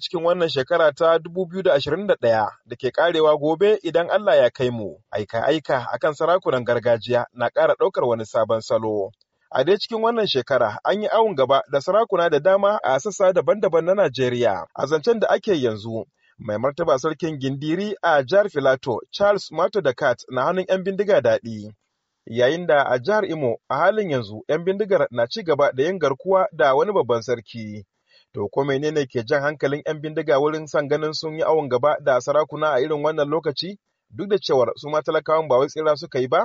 cikin wannan shekara ta 2021 da ke karewa gobe idan Allah ya kai mu. Aika-aika a kan sarakunan gargajiya na ƙara ɗaukar wani sabon salo. A dai cikin wannan shekara an yi awon gaba da sarakuna da dama a sassa daban-daban na Najeriya a zancen da ake yanzu. Mai martaba sarkin gindiri a jihar Filato Charles Mato da Kat na hannun 'yan bindiga daɗi. Yayin da a jihar Imo a halin yanzu 'yan bindigar na ci gaba da yin garkuwa da wani babban sarki. To ko menene ke jan hankalin 'yan bindiga wurin san ganin sun yi awon gaba da sarakuna a irin wannan lokaci? Duk da cewar su ma talakawan ba wai tsira suka yi ba,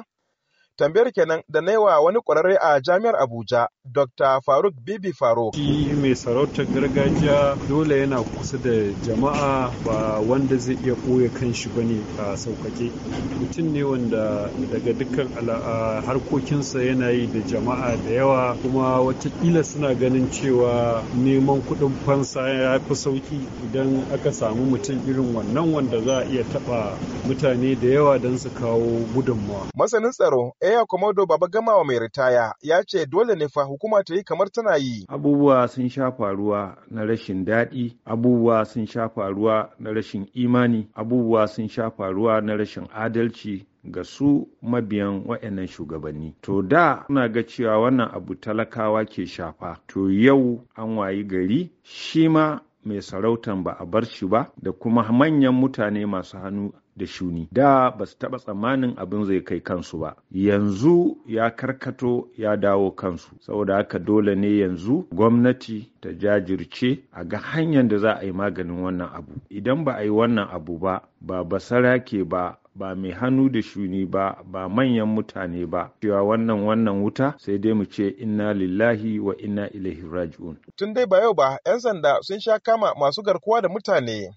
tambayar kenan da naiwa wani kwararre a jami'ar abuja dr faruk bibi faruk shi mai sarautar gargajiya dole yana kusa da jama'a ba wanda zai iya ɓoye kanshi ba ne a sauƙaƙe mutum ne wanda daga dukkan harkokinsa yana yi da jama'a da yawa kuma watakila suna ganin cewa neman kuɗin fansa ya fi sauƙi idan aka samu mutum irin wannan wanda za a iya taɓa mutane da yawa don su kawo gudunmawa masanin tsaro Eya Komodo Baba Gamawa mai ritaya ya ce dole ne fa hukuma ta yi kamar tana yi. Abubuwa sun sha faruwa na rashin daɗi, abubuwa sun sha faruwa na rashin imani, abubuwa sun sha faruwa na rashin adalci ga su mabiyan waɗannan shugabanni. To da suna ga cewa wannan abu talakawa ke shafa, to yau an wayi gari shi ma mai sarautan ba a bar shi ba da kuma manyan mutane masu hannu da shuni da ba su taɓa tsammanin abin zai kai kansu ba yanzu ya karkato ya dawo kansu saboda haka dole ne yanzu gwamnati ta jajirce a ga hanyar da za a yi maganin wannan abu idan ba a yi wannan abu ba ba basara ke ba ba mai hannu da shuni ba ba manyan mutane ba cewa wannan wannan wuta sai dai mu ce inna lillahi wa inna ilaihi raji'un tun dai ba yau ba 'yan sanda sun sha kama masu garkuwa da mutane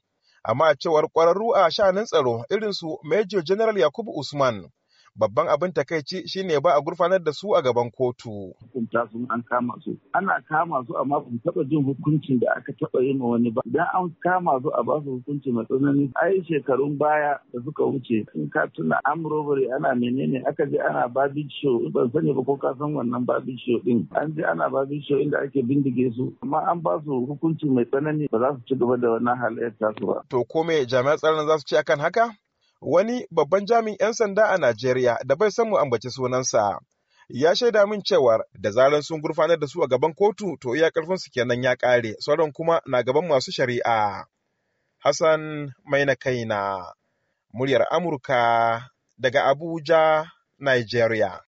amma cewar ƙwararru a sha'anin tsaro irin su Major General Yakubu Usman babban abin takaici shine ba a gurfanar da su a gaban kotu. Hukunta sun an kama su. Ana kama su amma ba taɓa jin hukuncin da aka taɓa yi ma wani ba. Idan an kama su a ba su hukunci mai tsanani. Ai shekarun baya da suka wuce in ka tuna am robbery ana menene aka je ana babin show ban sani ba ko ka san wannan babin show din. An je ana babin show inda ake bindige su amma an ba su hukunci mai tsanani ba za su ci gaba da wannan halayyar tasu ba. To kome jami'an tsaron za su ce akan haka? wani babban jami'in 'yan sanda a Najeriya da bai san mu ambaci sunansa. Ya shaida min cewar da zaran sun gurfanar da su a gaban kotu to iya karfin su kenan ya kare sauran kuma na gaban masu shari'a. Hassan mai na kaina muryar Amurka daga Abuja, Nigeria.